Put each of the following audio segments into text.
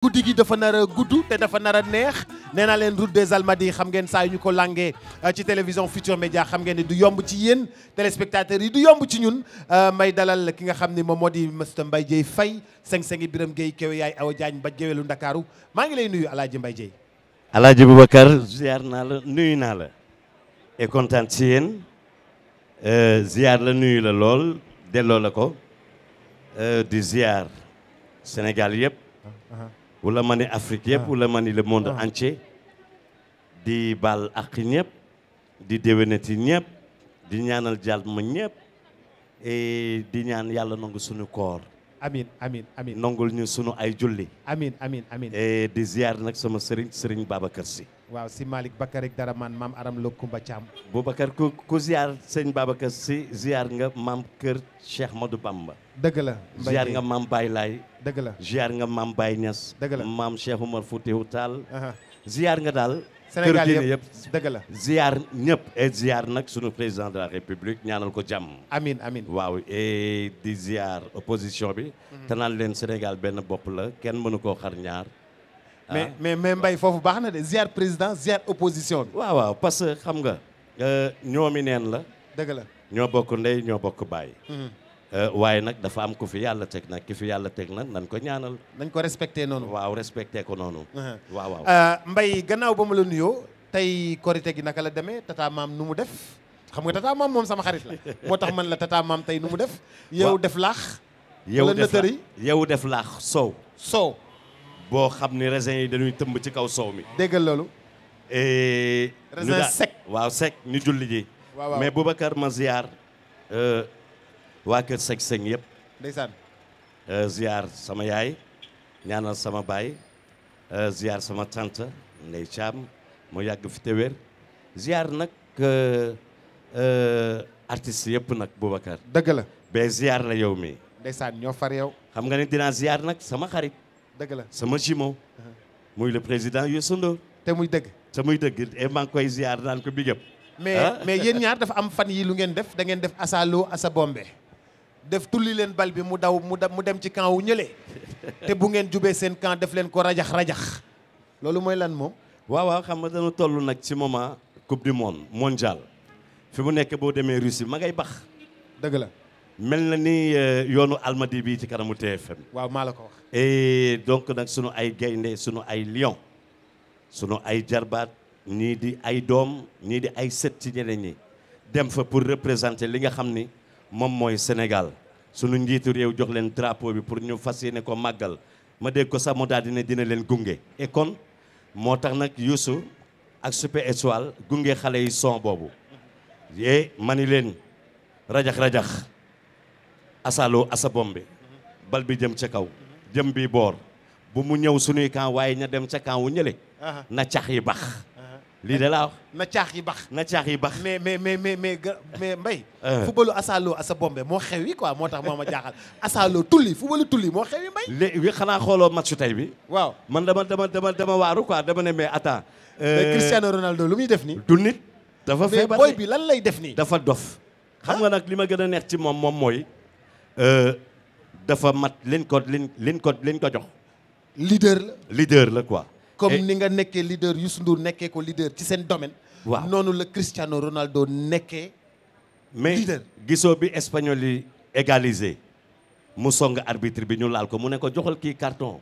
guddi gi dafa nar a gudd te dafa nar a neex nee naa leen route des Almadies xam ngeen saa yu ñu ko langee euh, ci télévision Futur Média xam ngeen ni du yomb ci yéen téléspectateurs yi du yomb ci ñun euh, may dalal ki nga xam ni moom moo di monsieur Mbaye Dieye Faye seng-sengi biram géey Kewe yaay Awa jaañ ba géwélu Ndakaaru maa ngi lay nuyu Alaaji Mbaye Dieye Alaaji Boubacar ziar naa la nuyu naa la et kontaan ci euh, la nuyu la lool delloo la ko di ziar Sénégal yëpp ah, ah. wala ma ni Afrique yëpp ah. wala ma ni le monde ance ah. di baal ak ñëpp di déwénati ñëpp di ñaanal jàll ma ñëpp di ñaan yàlla nangu suñu koor amin amin amin nongul ñu sunu ay julli amin amin amin eh, di ziar nag sama sëriñ sëriñ Babacar si waaw si Malick Bakar ak dara man maam aram lo Kumba Caam Boubacar ku ku ziar sëñ Babacar si ziar nga maam kër Cheikh Madou Bamba dëgg la ziar nga maam Baye Laay dëgg la ziar nga maam Baye Niass dëgg la maam Cheikh nga daal Sénégal yëpp dëgg la ziar ñëpp et ziar nag suñu président de la république ñaanal ko jàmm. amin amin waaw et di ziar opposition bi. Mhm. te naan leen Sénégal benn bopp la kenn mënu koo xar ñaar. mais ah. mais mbay Mbaye foofu baax na de ziar président ziar opposition bi. waaw waaw parce que xam nga euh, ñoomi neen la. dëgg la ñoo bokk ndey ñoo bokk baay. Mhm. Euh, waaye nag dafa am ko fi yàlla teg nag ki fi yàlla teg nag nan ko ñaanal. nañ ko respecté noonu. waaw respecté ko noonu. Uh-huh. waaw waaw. Euh, Mbaye gannaaw ba ma la nuyoo tey korite gi naka la demee tata maam nu mu def xam nga tata maam moom sama xarit la moo tax man la tata maam tey nu mu def. yow def laax. yow def yow def laax soow. soow. boo xam ni raisin yi dañuy tëmb ci kaw soow mi. déggal loolu. Eh, raisin sec waaw julli ji. mais Boubacar ma euh, waa kër Seck Seck yëpp. ndeysaan. Euh, ziar sama yaay ñaanal sama baay euh, ziar sama tante Ndey Caam mu yàgg fi te wér ziar nag euh, artistes yëpp nag Boubacar. dëgg la be ziar la yow mi ndeysaan ñoo far yow. xam nga ne dina ziar nag sama xarit. dëgg la sama jumeau. Uh-huh. muy le président Youssou Ndour. te muy dëgg. te muy dëgg et maa ngi koy ziar naan ko big up mais ah. mais yéen ñaar dafa am fan yi lu ngeen def da ngeen def Asa Lo Asa Bombe. def tulli leen bal bi mu daw mu dem ci camp wu ñële te bu ngeen jubee seen camp def leen ko rajax rajax loolu mooy lan moom. waaw waaw xam nga dana toll nag ci moment coupe du monde mondial fi mu nekk boo demee Russie ma ngay bax. dëgg la. mel na ni euh, yoonu almadi bi ci kanamu TFM. waaw maa la ko wax. et donc nag sunu ay gaynde sunu ay lion sunu ay jarbaat ñii di ay doom ñii di ay sët ci ñeneen ñi dem fa pour représenter li nga xam ni. moom mooy Sénégal sunu njiitu réew jox leen drapeau bi pour ñu fas yéene ko màggal ma dégg ko sax mu daal dina dina leen gunge et kon moo tax nag Youssou ak Super Étoile gunge xale yi son boobu yee ma ni leen rajax-rajax asalo asa bombe bal bi jëm ca kaw jëm bi boor bu mu ñëw sunuy camp waaye ña dem ca camp wu ñële na cax yi bax lii de la na caax yi bax na caax yi bax mais mais mais mais mais mais Mbaye euh. footballu asaaloo asa bombe moo xewi quoi moo tax moo ma jaaxal asaaloo tulli footballu tulli moo xewi Mbaye léegi xanaa xooloo match tey bi waaw man dama dama dama dama waaru quoi dama ne mais attends euh, mais Cristiano Ronaldo lu muy def nii du nit dafa feebar mais boy bi lan lay def nii dafa dof xam nga nag li ma gën a neex ci moom moom mooy euh, dafa mat liñ ko liñ liñ ko liñ ko jox leader la leader la quoi comme ni nga nekkee leader Youssou sundu nekkee ko leader ci seen domaine. waaw noonu la Cristiano Ronaldo nekkee. mais gisoo bi espagnol yi égalisé mu song arbitre bi ñu laal ko mu ne ko joxal kii carton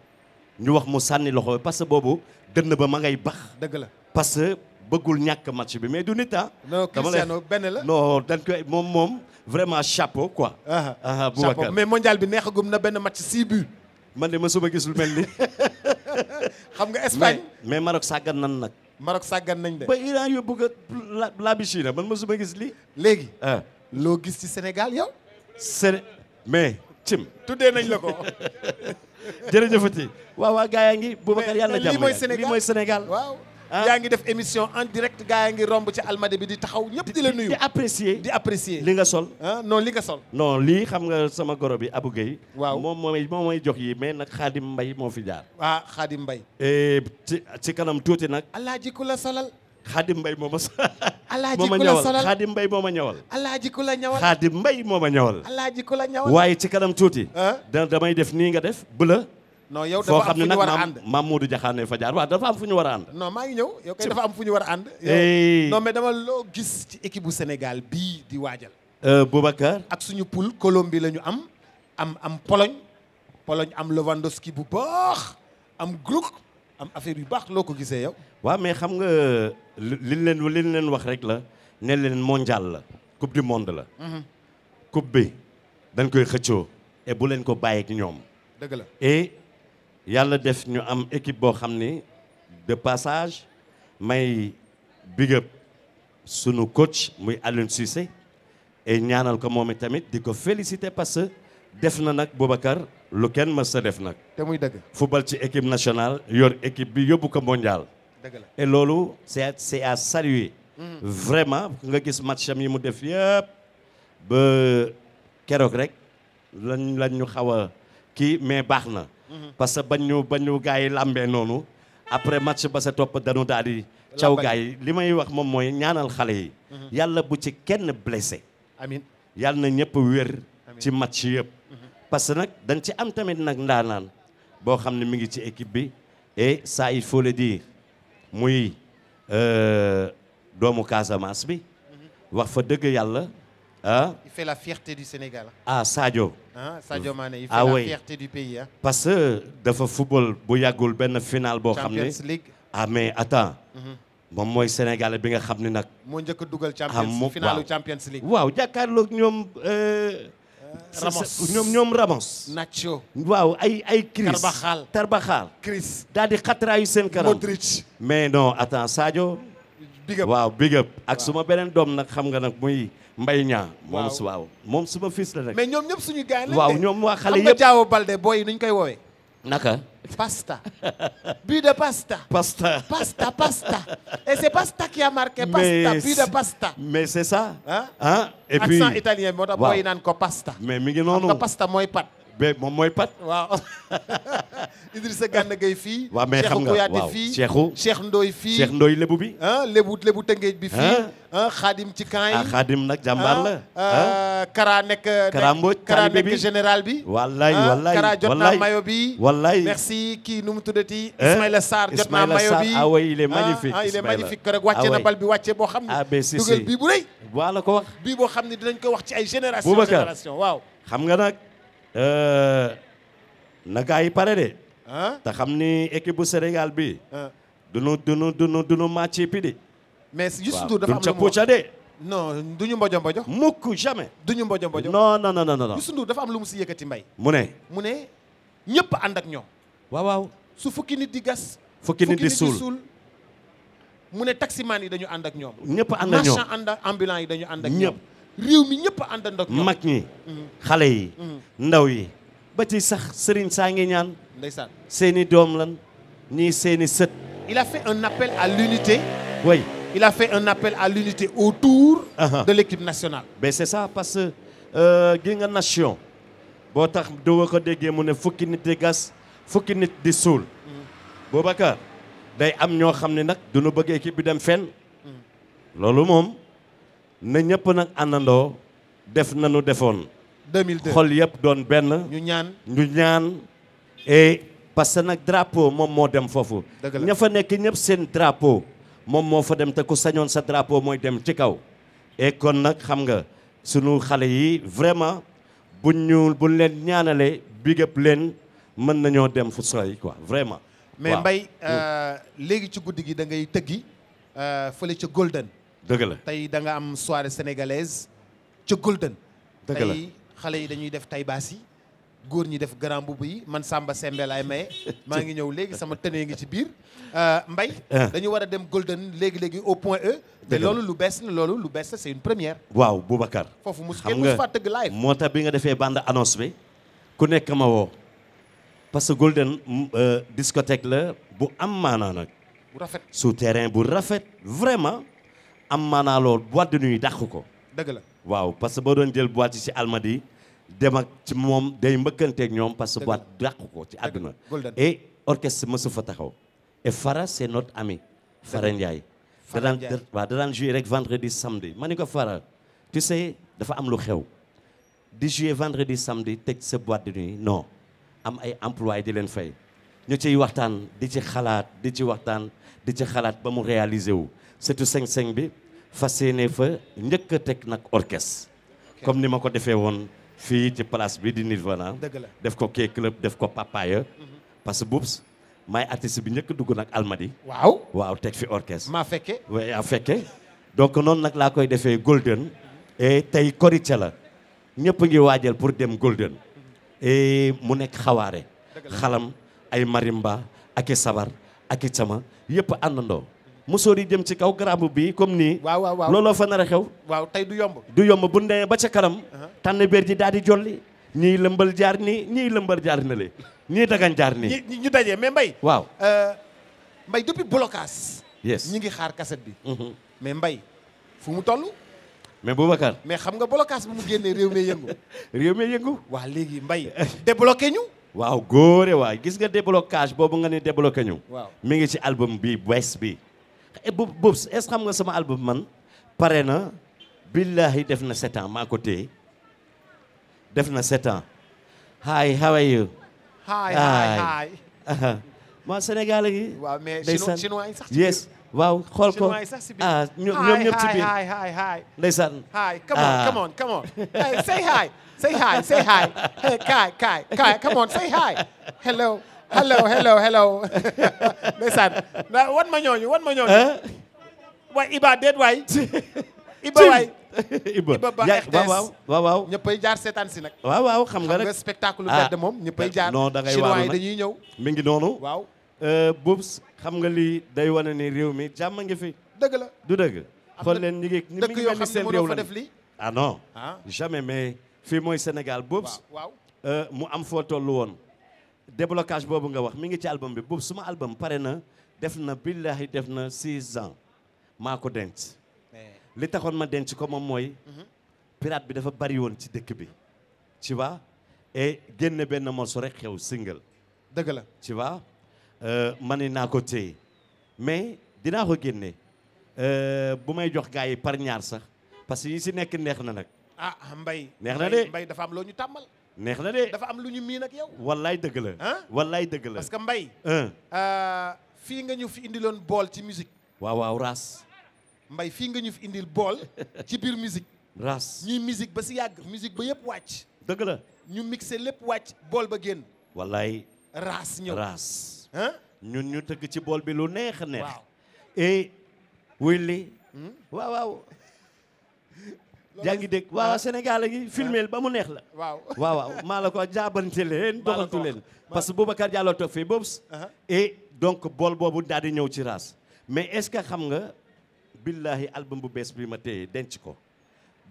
ñu wax mu sànni loxo parce que boobu dënn ba ma ngay bax. dëgg la parce que bëggul ñàkk match bi mais du nit ah. non Cristiano benn la non dañ koy moom moom vraiment chapeau quoi. Ah, ah. Ah, mais mondial bi neexagum na benn match six buts. man de ma suba gis lu mel ni. xam nga Espagne. mais Maroc sàggan nan nag. Maroc sàggan nañ de. ba Iran yóbbu ko la Bichira ma mosuma gis lii. léegi. Ah. loo gis ci Sénégal yow. Séné mais. cim tuddee nañ la ko. jërëjëfati waaw waaw gaa yaa ngi. Boubacar yàlla jàmm lii mooy Sénégal Ah. yaa ngi def émission en direct gaa yaa ngi romb ci almadi bi di taxaw ñëpp di la nuyu. di apprécier li nga sol ah non li nga sol. non lii xam nga sama goro bi Abou Gueye. waaw moom moomay moom mooy jox yi mais nag Xaadim Mbay moo fi jaar. ah Xaadim Mbay. Eh, ci ci kanam tuuti nag. alaaji ku la solal. Xaadim Mbay moo ma moo ma ñawal Xaadim Mbay moo ma ñawal. Alaaji ku la ñawal Xaadim Mbay moo ma ñawal. Alaaji ku la ñawal. waaye ci kanam tuuti. Ah. da damay def nii nga def bu non yow dafa am xam ne nag maam Modou Diakhane fa jaar waaw dafa am fu ñu war a ànd. non maa ngi ñëw yow kay dafa am fu ñu war a ànd. non mais dama loo gis ci équipe bu Sénégal bii di waajal. Euh, Boubacar. ak suñu poule Colombie la ñu am am am Pologne Pologne am Lewandowski bu baax am Gluck am affaire yu baax loo ko gisee yow. waa mais xam nga li leen li leen wax rek la ne leen mondial la coupe du monde la. Mhm. coupe bi dañ koy xëccoo. et bu leen ko bàyyeeg ñoom. dëgg la yàlla def ñu am équipe boo xam ni de passage may big sunu coach muy Alioune Cissé et ñaanal ko moom tamit di ko félicité parce que def na nag Boubacar lu kenn mës sa def nag. te muy dëgg. football ci équipe nationale yor équipe bi yóbbu ko mondial. dëgg la et loolu c'est à c'est à saluer. Mm-hmm. vraiment nga gis match am yi mu def yëpp ba keroog rek lañ lañ ñu xaw a mais baax na. parce que bañ ñu bañ ñu gars yi làmbee noonu après match ba sa topp dañu daal di caw gars yi li may wax moom mooy ñaanal xale yi mhm. yàlla bu ci kenn blessé amiin yàlla na ñëpp wér ci match yëpp mhm. parce que nag dañ ci am tamit nag ndaanaan boo xam ne mi ngi ci équipe bi et ça il faut le dire muy euh, doomu Casamance bi mhm. wax fa dëgg yàlla ah. il fait la fierté du Sénégal. ah Sadio. ah parce que dafa football bu yàggul benn final boo. xam ne Champions League. ah mais attends. Mhm. moom mooy Sénégalais bi nga xam ne nag. moo njëkk a dugal ah, Champions finalu Champions League. waaw jàkkaarloog ñoom. Euh, Ramos ñoom ñoom Ramos. waaw ay ay. Chris Carvajal Chris daal di xatraayu seen kanam. Modric. mais non attends Sadio. big waaw big up ak suma beneen doom nag xam nga nag muy. Mbaye Niang moom su waaw moom la rek. mais ñoom ñëpp suñu gars waaw ñoom waa xale yëpp xam nga Diao Balde booy nuñ koy woowee. naka. pasta. but de pasta. pasta pasta pasta. et c'est pasta qui a marqué. pasta but pasta. mais c'est ça. ah et puis accent italien moo tax booy naan ko pasta. mais mi ngi noonu xam nga pasta mooy pat. be moom mooy pat. waaw Idrissa Gana Gueye fii. waaw mais xam nga waaw Cheikhou Kouyaté fii Cheikh Ndoye fii. Cheikh Ndoye lébu bi. ah lébu lébu tëngeej bi fii. xaadim ah, ci camp ah, yi xaadim nag jàmbaar ah, la Kara nekk Kara Mbodj Kara nekk général bi wallaay wallaay Kara jot naa mayo bi wallaay merci kii nu mu tuddati eh? Ismaïla Sarr jot naa mayo bi ah oui il magnifique il rek wàcce na bal bi wàcce boo xam ne dugal bii bu rëy waa ko wax bii boo xam ne dinañ ko wax ci ay génération génération waaw xam nga nag euh, na gaa yi pare de te xam ni équipe bu Sénégal bi dunu dunu dunu dunu match bi mais Youssou Ndour dafa am lu mu ca de. non duñu mbojo mbojo. mukk jamais. duñu mbojo mbojo. non non non non. am lu mu si yëkkati mbay. mu ne. mu ne ñëpp ànd ak ñoom. waaw su fukki nit di gas. fukki nit di suul mu ne taximaan yi dañu ànd ak ñoom. ñëpp ànd ak ànd ak yi dañu ànd ak ñoom. réew mi ñëpp ànd ak ñoom. mag ñi. Mm. xale yi. Mm. ndaw yi. ba ci sax sëriñ saa ngi ñaan. ndeysaan seeni doom lan ñii seeni sët. il a fait un appel à l'unité. oui. il a un appel à l'unité autour uh -huh. de l'équipe nationale ça parce que euh, gi nga nation tax doo ko mu ne fukki nit fukki nit di suul mm. Boubacar am ñoo xam ne nag duñu bëgg équipe bi dem fenn mm. loolu moom na ñëpp nag àndandoo def nanu defoon 2002 xol yëpp doon benn ñu ñaan ñu ñaan parce que nag drapeau moom moo dem foofu ña fa nekk ñëpp seen drapeau moom moo fa dem te ku sañoon sa drapeau mooy dem ci kaw et kon nag xam nga sunu xale yi vraiment bu ñuul bu leen ñaanalee big up leen mën nañoo dem fu sori quoi vraiment. mais Mbaye euh, léegi ci guddi gi da ngay tëggi euh, fële ca Golden. dëgg la tey da nga am soirée sénégalaise ca Golden. la tey xale yi dañuy def tay yi. góor ñi def grand mbubb yi man Samba Sembe laay maye maa ngi ñëw léegi sama tënee ngi ci biir euh, mbay ah. dañu war a dem Golden léegi-léegi au point E te loolu lu bees la loolu lu bees la c'est une première waaw Boubacar foofu mos kenn mos faa tëgg live moo tax bi nga defee bande annonce bi ku nekk ma woo parce que Golden mm, euh, discothèque la bu am maanaa nag bu rafet sous terrain bu rafet vraiment am maanaa lool boîte de nuit dàq ko dëgg la waaw parce que boo doon jël boîte yi ci Almadies dem ak ci moom day mbëkkanteeg ñoom parce que boîte dàq ko ci àdduna et orchestre mësu fa taxaw et Fara c'est notre ami Fara Ndiaye da daan waaw da daan jouer rek vendredi samedi ma ni ko Fara tu sais dafa am lu xew di jouer vendredi samedi teg sa boîte de nuit no am ay emploie di leen fay ñu ciy waxtaan di ci xalaat di ci waxtaan di ci xalaat ba mu réaliser wu surtout cinq-cinq bi fas yéene fa njëkk a teg nag orchestre comme ni ma ko defee woon fii ci place bi di Nirvana. dëgg la def ko K Club def ko Papaya. Mhm. parce que Boubs maay artiste bi njëkk dugg nag Almadi. waaw waaw teg fi orchestre. maa fekke waaw yaa fekke donc noonu nag laa koy defee Golden. tey Korité la ñëpp ngi waajal pour dem Golden. mu nekk xawaare. xalam ay marimba ak sabar ak i cama yëpp àndandoo. musóor yi jëm ci kaw garabu bi comme nii. waaw waaw waaw looloo fa nar a xew. waaw tey du yomb. du yomb bu ndee ba ca kanam. Uh-huh. tànn béer ji daal di jolli. ñii lëmbal jaar nii ñii lëmbal jaar na le ñii dagan jaar nii. ñi ñu dajee mais mbay waaw euh, Mbaye depuis blocage. yes ñi ngi xaar cassette bi. Mm-hmm. mais mbay fu mu toll. mais Boubacar. mais xam nga blocage bu mu génnee réew mi yëngu. réew mi yëngu. waa léegi mbay eh. débloqué ñu. waaw góore waay gis nga déblocage boobu nga ne débloqué ñu. waaw mi ngi ci album bi bees bi. Eh, boobu est-ce que xam nga sama album man pare na billahi def na sept ans maa ko téye def na sept ans hi how are you hi hi hi maa Sénégal a ngi waaw mais chinois yi sax yes waaw xool ko ah ñoom ñëpp ci biir ndeysaan hi come on ah. come on come on say hi say hi say hi kaay kaay kaay come on say hi hello hello hello hello ndeysaan wan ma ñooñu wan ma ñooñu waay waaw waaw ñëppay jaar seetaan si nag waaw waaw xam nga rek spectacle lu bedd ah, moom ñëppay jaar non da ngay chinois yi dañuy ñëw mi ngi noonu waaw euh, bubs xam nga lii day wane ni réew mi jàmma ngi fi dëgg la du dëgg xool leen ngi ni mi ngi mel réew la def lii ah non ah. jamais mais fii mooy Sénégal bubs euh, mu am foo tollu woon déblocage boobu nga wax mi ngi ci album bi boobu suma album pare na def na billahi def na six ans maa ko denc li taxoon ma denc ko moom mooy piraat bi dafa bari woon ci dëkk bi tu vois et génne benn morceau rek xew single dëgg la tu vois euh, ma naa ko téye mais dinaa ko génne euh, bu may jox gars yi par ñaar sax parce que yi si nekk neex na nag ah mbay neex na de mbay dafa am loo ñu tàmmal neex na de dafa am lu ñu miin ak yow. wallaay dëgg la. ah wallaay dëgg la parce que mbay. Euh, fii nga ñu fi indiloon bool ci musique. waaw waaw raas. mbay fii nga ñu fi indil bool ci biir musique. raas ñuy musique ba si yàgg musique ba yëpp wàcc. dëgg la ñu mixé lépp wàcc bool ba génn. wallaay. raas ñëw raas. ñu tëgg ci bool bi lu neex neex. waaw wuy li. Hmm? waaw waaw. yaa ngi dégg Sénégal a ngi filmeel ba mu neex la. waaw waaw maa la ko jaabante leen doxantu leen. parce que Boubacar Diallo toog fii boobu. Uh-huh. et donc bool boobu daal di ñëw ci raas. mais est-ce que xam nga billahi album bu bees bi ma téye denc ko.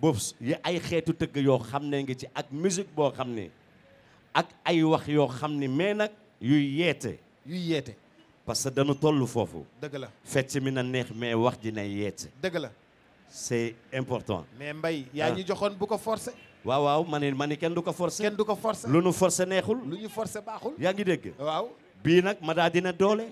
boobu yi ay xeetu tëgg yoo xam ne ngi ci ak musique boo xam ne ak ay wax yoo xam ni mais nag yuy yeete. yuy yeete. parce que dañu toll foofu. dëgg la fecc mi na neex mais wax ji na yeete. dëgg la. c'est important. mais mbay yaa ah. ñu joxoon bu ko forcer. waaw waaw ma ne ma ne kenn du ko forcer. kenn du ko forcer lu nu forcer neexul. lu ñu forcer baaxul. yaa ngi dégg. waaw bii nag ma dina doole.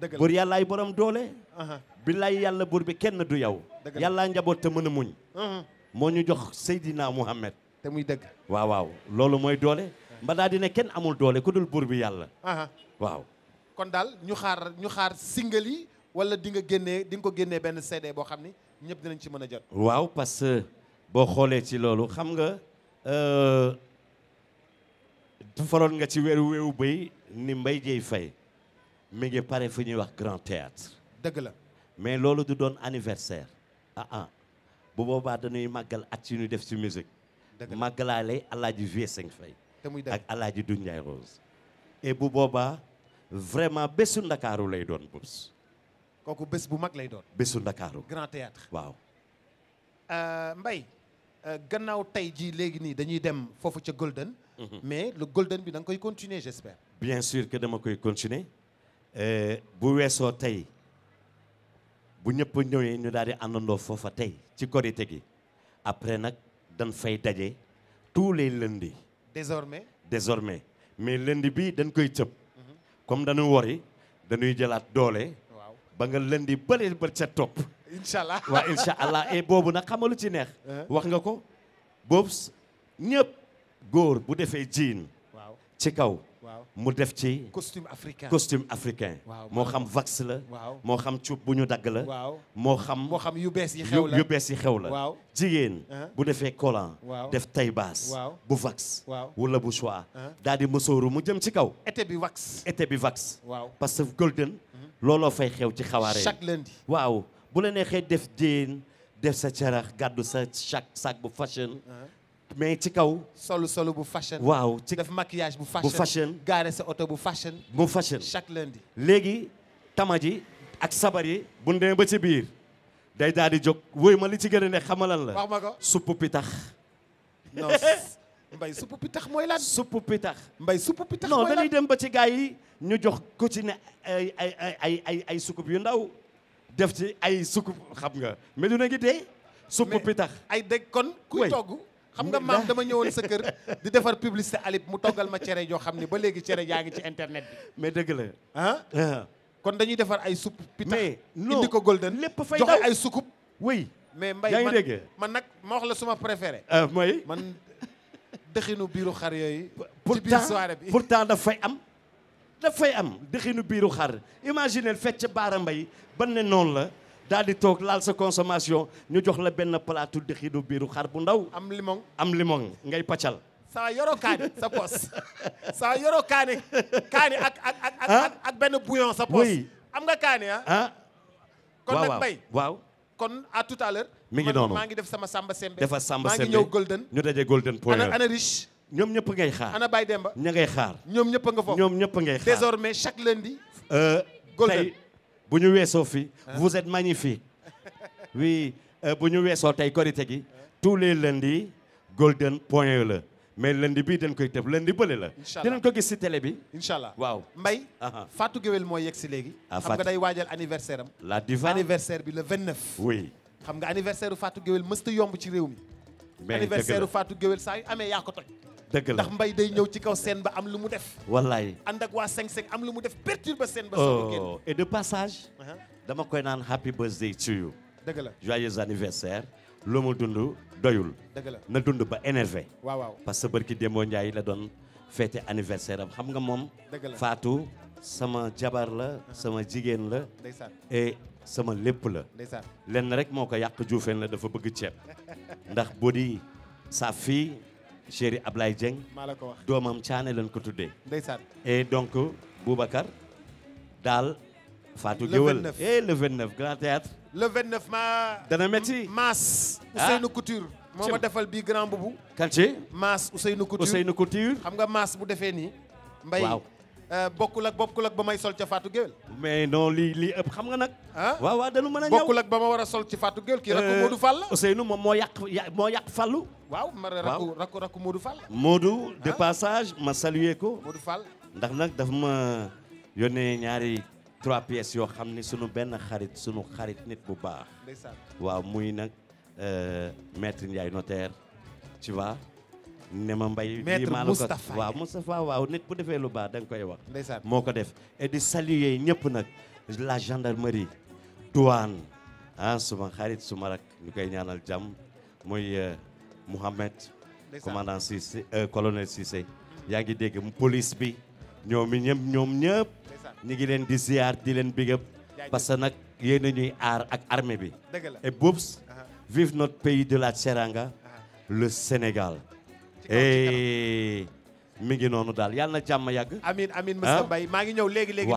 dëgg la buur yàllaay borom doole. Uh-huh. billaay yàlla buur bi kenn du yow. yàllaa njaboot te mën a muñ. Uh-huh. moo ñu jox Seydina Muhammad. te muy dëgg. waaw waaw loolu mooy doole. ma daa dina kenn amul doole ku dul buur bi yàlla. Uh-huh. waaw. kon daal ñu xaar ñu xaar single yi wala di nga génnee di nga ko génnee benn CD boo xam ni. ñëpp dinañ ci mën a jot. waaw parce que boo xoolee ci loolu xam nga euh, faroon nga ci weeru weewu bay ni Mbaye Dieye Faye mi ngi pare fu ñuy wax grand théâtre dëgg la mais loolu du doon anniversaire ah ah bu boobaa dañuy màggal at yu ñu def ci musique màggalaale alaaji Vieux Seng Faye ak alaaji Doudou Ndiaye Rose et bu boobaa vraiment bésu Ndakaaru lay doon bés kooku bés bu mag lay doon. bésu Ndakaaru. grand théâtre waaw. Euh, mbay euh, gannaaw tey jii léegi nii dañuy dem foofu ca Golden. Mhm. mais le Golden bi da nga koy continuer j'espère. bien sûr que dama koy continuer euh, bu weesoo tey bu ñëpp ñëwee ñu daal di àndandoo foofa tey ci korite gi après nag dan fay daje tous les lundis. désormais désormais mais lundi bi dañ koy tëb. Mhm. comme dañu wori dañuy jëlaat doole. ba nga leen di bëri ba ca topp. incha allah waaw incha allah et eh, boobu nag xamalu ci neex. Eh? wax nga ko boobu ñëpp góor bu defee jiin. waaw ci kaw. waaw mu def ci. costume africain costume africain. moo xam vax la. moo xam cuub bu ñu dagg la. moo xam moo xam yu bees yi xew la yu bees yi xew la. jigéen eh? bu defee collant. def tay baas. bu vax. wala bu choix. daal di mësooru mu jëm ci kaw. été bi vax. été bi vax. parce golden. looloo fay xew ci xawaare chaque lundi waaw bu la neexee def jéen def sa carax gàddu sa sac sac bu fashion ah. mais ci kaw solu solu bu fashion waaw ci def maquillage bu fashion bu fashion gaare sa oto bu fashion bu fashion chaque lundi léegi tama ji ak sabar yi bu demee ba ci biir day daal di jóg wóoy ma li ci gën a ne xamalan la wax ma ko suppu pitax mbay suppu pitax mooy lan suppu pitax mbay suppu pitax non dañuy dem ba ci gars yi ñu jox ko ay ay ay ay ay sukub yu ndaw def ci ay sukub xam nga mais du na ngi suppu pitax ay dégg kon kuy togg xam nga maam dama ñëwoon sa kër di defar publicité alib mu toggal ma cere joo xam ni ba léegi cere jaa ngi ci internet bi mais dëgg la ah, ah. kon dañuy defar ay supp pitax indi ko golden lépp fay joxe ay sukub oui mais mbay man man nag ma wax la suma préféré ah, mooy man dëxinu biiru xar yooyu. ci biir soirée bi pourtant daf fay am. daf fay am dëxinu biiru xar imaginez fecc baara mbay ban ne noonu la daal di toog laal sa consommation ñu jox la benn palaatu dëxinu biiru xar bu ndaw. am limon am limon ngay paccal. saa yoroo kaani sa pos saa yoroo kaani kaani ak ak ah? benn bouillon sa pos. am nga kaani ah. ah? kon nag mbay kon à tout à l'heure mi ngi noonu maa ngi def sama Samba Sembe defa Samba Sembe maa ngi ñëw Golden ñu daje Golden point ana ñoom ñëpp ngay xaar ana Baye Demba ña ngay xaar ñoom ñëpp nga foofu ñoom ñëpp ngay xaar désormais chaque lundi euh, Golden tey bu ñu weesoo fi vous êtes magnifique wii euh, bu ñu weesoo tey korite gi tous les lundis Golden point e la mais lundi bi dañ koy def lundi bële la. incha ko gis si télé bi. incha allah waaw Mbaye. Fatou Guewel mooy yegg si léegi. ah xam nga day waajal anniversaire am. la diva anniversaire bi le 29. oui xam nga anniversaire Fatou Guewel mësta yomb ci réew mi. mais anniversaire faatu Guewel saa amee yaa ko toj. dëgg la ndax mbay day ñëw ci kaw seen ba am lu mu def. wallaay ànd ak waa 5-5 am lu mu def perturbe scène ba. soog génn oh, et de passage. dama koy naan happy birthday dëgg la joyeux anniversaire. loo ma dund doyul. na dund ba énervé. waaw waaw parce que barki Demba Ndiaye la doon fêté anniversaire am xam nga moom. faatu sama jabar la sama jigéen la. et sama lépp la. lenn rek moo ko yàq juufeen la dafa bëgg ceeb ndax boo di sa fille chérie Ablaye Dieng. maa la ko wax doomam caane lañ ko tuddee. ndeysaan et donc Boubacar daal. Fatou Guewel et le 29 le 29 ma. dana métti Maas. ah Ousseynou Couture. moo ma defal bii grand boubou. kan ci Maas Ousseynou Couture Ousseynou Couture. xam nga Maas bu defee nii. mbay euh, bokkul ak bokkul ak ba may sol ca Fatou Gueye. mais non lii lii ëpp xam nga nag. ah waaw waaw dañu bokkul ak ba ma war a sol ci Fatou Gueye kii rakku euh, Modou Fall la. Ousseynou moom moo yàq moo yàq Fallou. waaw ma rakku rakku rakku fal Fall. Modou de ah. passage ma saluer ko. Modou Fall ndax nag dafa ma yónnee ñaari. trois pièces yoo xam ni sunu benn xarit sunu xarit nit bu baax. waaw muy nag euh, maître Ndiaye notaire tu vois. ne ma mbay lii maa la ko waaw Moustapha waaw nit bu defee lu baax danga koy wax. moo ko def et di saluer ñëpp nag la gendarmerie. douane ah suma xarit suma rak ñu koy ñaanal jàmm muy euh, Mouhamed. commandant euh, Cissé yaa ngi dégg police bi ñoom ñëpp ñoom ñëpp. ni ngi leen di ziar di leen big up parce que nag yéen a ñuy aar ak armée bi. et Boubs vive notre pays de la Teranga le Sénégal. Eh, mi ngi noonu daal yàlla na jàmm yàgg. amiin amiin monsieur Mbaye maa ngi ñëw léegi léegi.